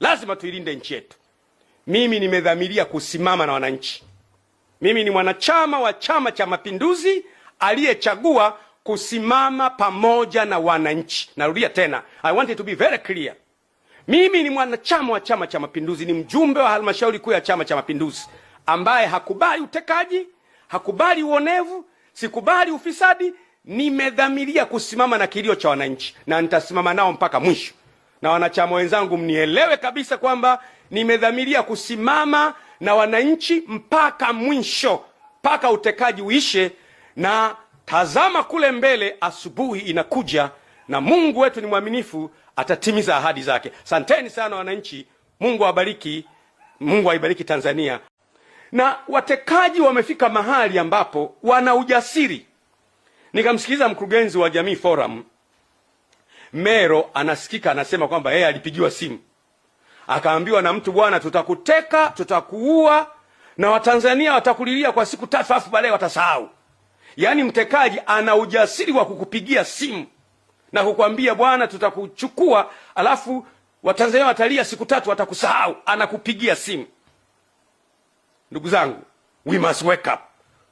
Lazima tuilinde nchi yetu. Mimi nimedhamiria kusimama na wananchi. Mimi ni mwanachama wa Chama cha Mapinduzi aliyechagua kusimama pamoja na wananchi. Narudia tena, I want it to be very clear. Mimi ni mwanachama wa Chama cha Mapinduzi, ni mjumbe wa halmashauri kuu ya Chama cha Mapinduzi ambaye hakubali utekaji, hakubali uonevu, sikubali ufisadi, nimedhamiria kusimama na kilio cha wananchi na nitasimama nao mpaka mwisho. Na wanachama wenzangu, mnielewe kabisa kwamba nimedhamiria kusimama na wananchi mpaka mwisho, mpaka utekaji uishe. Na tazama kule mbele, asubuhi inakuja na Mungu wetu ni mwaminifu, atatimiza ahadi zake. Santeni sana wananchi, Mungu awabariki, Mungu aibariki Tanzania na watekaji wamefika mahali ambapo wana ujasiri. Nikamsikiliza mkurugenzi wa Jamii Forum Mero, anasikika anasema kwamba yeye alipigiwa simu akaambiwa na mtu, bwana, tutakuteka, tutakuua na Watanzania watakulilia kwa siku tatu, alafu baadaye watasahau. Yaani mtekaji ana ujasiri wa kukupigia simu na kukwambia, bwana, tutakuchukua, alafu Watanzania watalia siku tatu, watakusahau. Anakupigia simu. Ndugu zangu, we must wake up.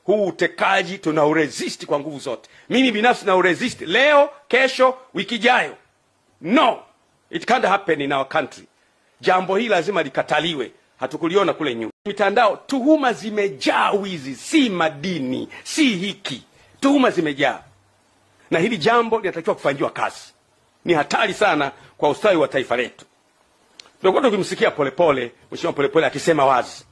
Huu utekaji tuna uresist kwa nguvu zote. Mimi binafsi na uresist leo, kesho, wiki ijayo. No, it can't happen in our country. Jambo hili lazima likataliwe. Hatukuliona kule nyuma. Mitandao tuhuma zimejaa, wizi si madini, si hiki, tuhuma zimejaa, na hili jambo linatakiwa kufanyiwa kazi. Ni hatari sana kwa ustawi wa taifa letu. Tumekuwa tukimsikia Polepole, mheshimiwa Polepole akisema wazi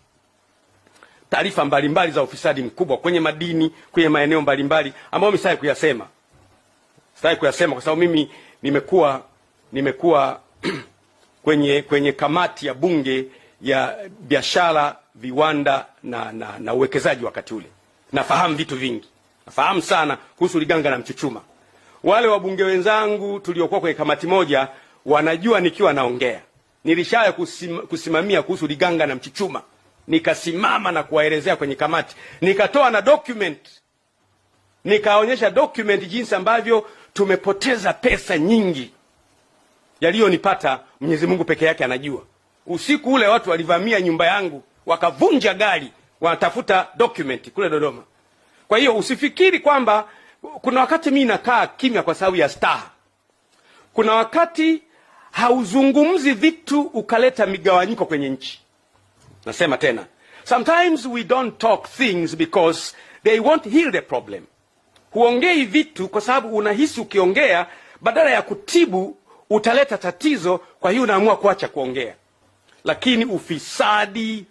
taarifa mbalimbali za ufisadi mkubwa kwenye madini, kwenye maeneo mbalimbali ambayo mimi sitaki kuyasema, sitaki kuyasema kwa sababu mimi nimekuwa nimekuwa kwenye kwenye kamati ya bunge ya biashara, viwanda na, na, na uwekezaji wakati ule. Nafahamu vitu vingi, nafahamu sana kuhusu Liganga na Mchuchuma. Wale wabunge wenzangu tuliokuwa kwenye kamati moja wanajua nikiwa naongea nilishaya kusim, kusimamia kuhusu Liganga na Mchuchuma nikasimama na kuwaelezea kwenye kamati, nikatoa na document, nikaonyesha document jinsi ambavyo tumepoteza pesa nyingi. Yaliyonipata Mwenyezi Mungu peke yake anajua. Usiku ule watu walivamia nyumba yangu, wakavunja gari, wanatafuta document kule Dodoma. Kwa hiyo usifikiri kwamba kuna wakati mimi nakaa kimya kwa sababu ya staha. Kuna wakati hauzungumzi vitu ukaleta migawanyiko kwenye nchi. Nasema tena, sometimes we don't talk things because they won't heal the problem. Huongei vitu kwa sababu unahisi ukiongea badala ya kutibu utaleta tatizo, kwa hiyo unaamua kuacha kuongea. Lakini ufisadi